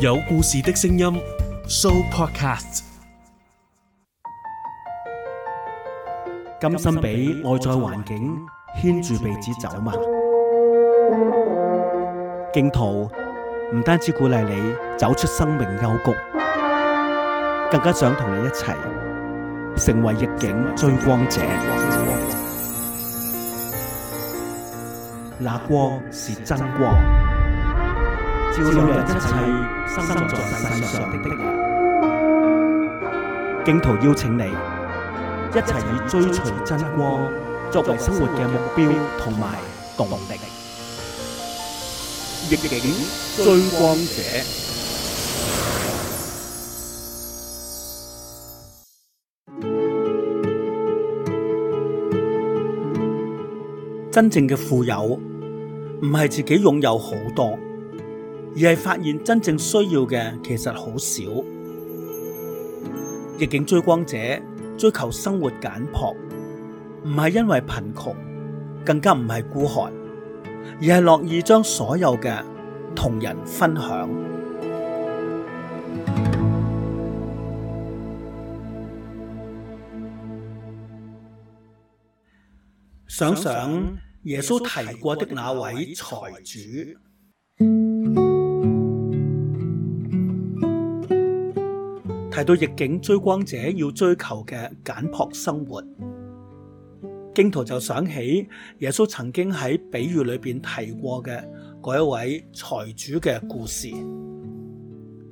有故事的聲音，Sooopodcast。甘心俾外在環境牽住鼻子走嘛？荊徒唔單止鼓勵你走出生命幽谷，更加想同你一齊成為逆境追光者。那光是真光。照亮一切生在世上的的人，荊徒邀請你一齊以追隨真光作為生活嘅目標同埋動力，逆境追光者。真正嘅富有，唔係自己擁有好多。而係發現真正需要嘅其實好少。逆境追光者追求生活簡樸，唔係因為貧窮，更加唔係孤寒，而係樂意將所有嘅同人分享。想想耶穌提過的那位財主。提到逆境追光者要追求嘅簡朴生活，荊徒就想起耶穌曾經喺比喻裏邊提過嘅嗰一位財主嘅故事。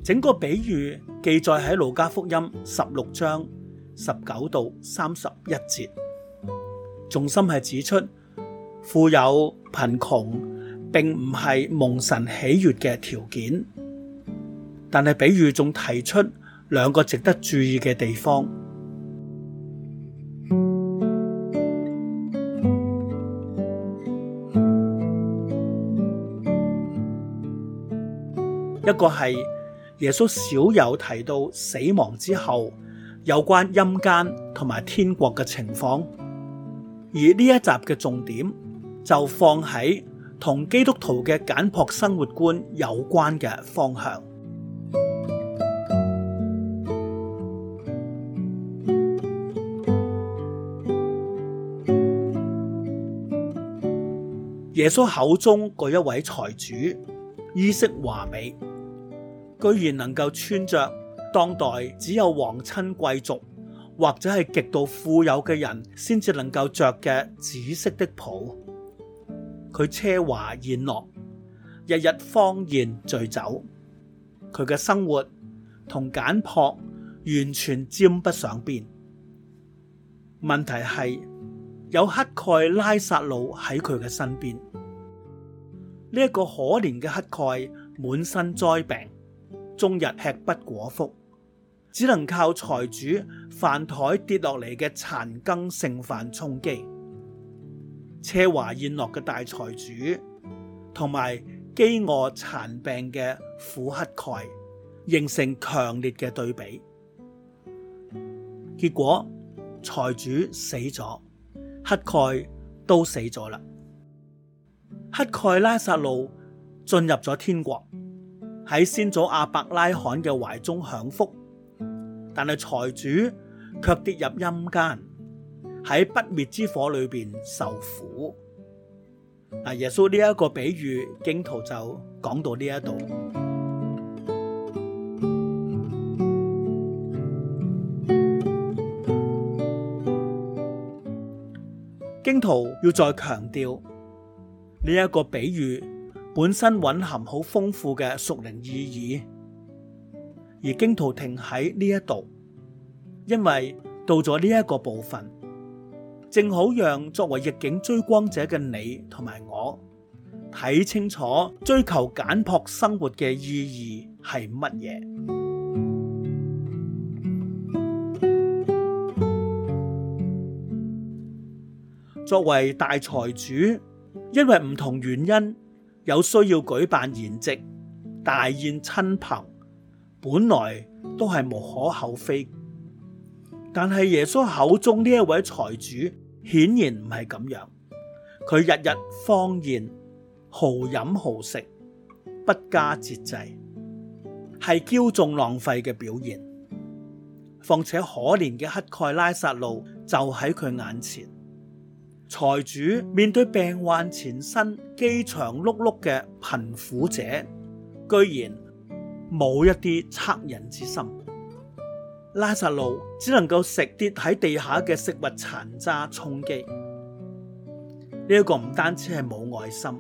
整個比喻記載喺路加福音十六章十九到三十一節，重心係指出富有貧窮並唔係蒙神喜悦嘅條件，但係比喻仲提出。兩個值得注意嘅地方，一個係耶穌少有提到死亡之後有關陰間同埋天國嘅情況，而呢一集嘅重點就放喺同基督徒嘅簡樸生活觀有關嘅方向。耶穌口中嗰一位財主，衣飾華美，居然能夠穿着當代只有皇親貴族或者係極度富有嘅人先至能夠着嘅紫色的袍，佢奢華宴樂，日日荒宴醉酒，佢嘅生活同簡樸完全沾不上邊。問題係。有乞丐拉撒路喺佢嘅身邊，呢一個可憐嘅乞丐滿身災病，終日吃不果腹，只能靠財主飯台跌落嚟嘅殘羹剩飯充飢。奢華宴樂嘅大財主，同埋飢餓殘病嘅苦乞丐形成強烈嘅對比。結果，財主死咗。乞丐都死咗啦，乞丐拉撒路進入咗天國，喺先祖亞伯拉罕嘅懷中享福，但係財主卻跌入陰間，喺不滅之火裏邊受苦。嗱，耶穌呢一個比喻經圖就講到呢一度。荊徒要再強調呢一個比喻本身蘊含好豐富嘅屬靈意義，而荊徒停喺呢一度，因為到咗呢一個部分，正好讓作為逆境追光者嘅你同埋我睇清楚追求簡樸生活嘅意義係乜嘢。作為大財主，因為唔同原因有需要舉辦筵席、大宴親朋，本來都係無可厚非。但係耶穌口中呢一位財主顯然唔係咁樣，佢日日荒宴、豪飲豪食，不加節制，係驕縱浪費嘅表現。況且可憐嘅乞丐拉撒路就喺佢眼前。財主面對病患纏身飢腸轆轆嘅貧苦者，居然冇一啲惻隱之心。拉薩路只能夠食啲喺地下嘅食物殘渣充飢。呢、這、一個唔單止係冇愛心，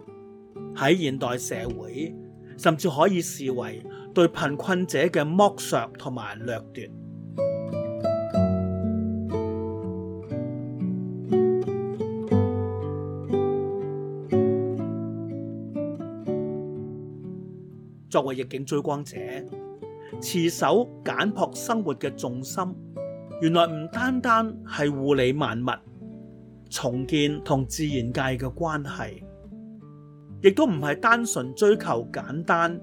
喺現代社會甚至可以視為對貧困者嘅剝削同埋掠奪。作為逆境追光者，持守簡樸生活嘅重心，原來唔單單係護理萬物、重建同自然界嘅關係，亦都唔係單純追求簡單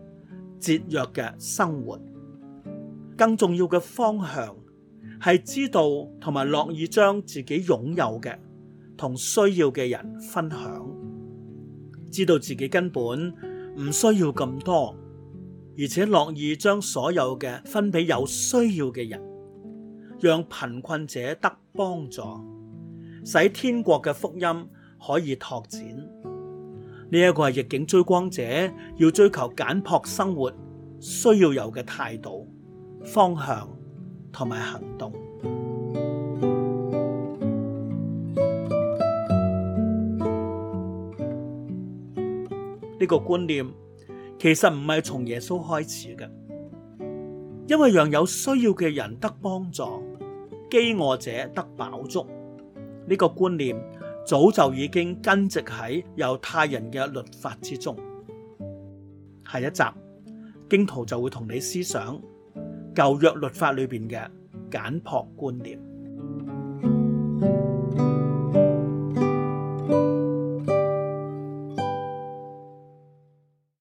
節約嘅生活。更重要嘅方向係知道同埋樂意將自己擁有嘅同需要嘅人分享，知道自己根本唔需要咁多。而且樂意將所有嘅分俾有需要嘅人，讓貧困者得幫助，使天國嘅福音可以拓展。呢、這、一個係逆境追光者要追求簡樸生活需要有嘅態度、方向同埋行動。呢、這個觀念，其實唔係從耶穌開始嘅，因為讓有需要嘅人得幫助，飢餓者得飽足呢、這個觀念早就已經根植喺猶太人嘅律法之中。下一集荊徒就會同你思想舊約律法裏邊嘅簡樸觀念。